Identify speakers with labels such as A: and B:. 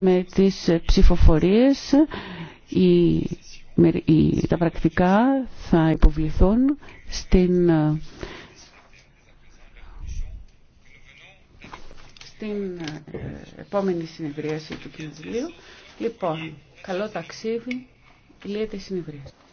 A: με τις ψηφοφορίες οι, τα πρακτικά θα υποβληθούν στην,
B: στην ε, επόμενη συνεδρίαση του Κοινοβουλίου.
C: Λοιπόν, καλό ταξίδι, λύεται η συνεδρίαση.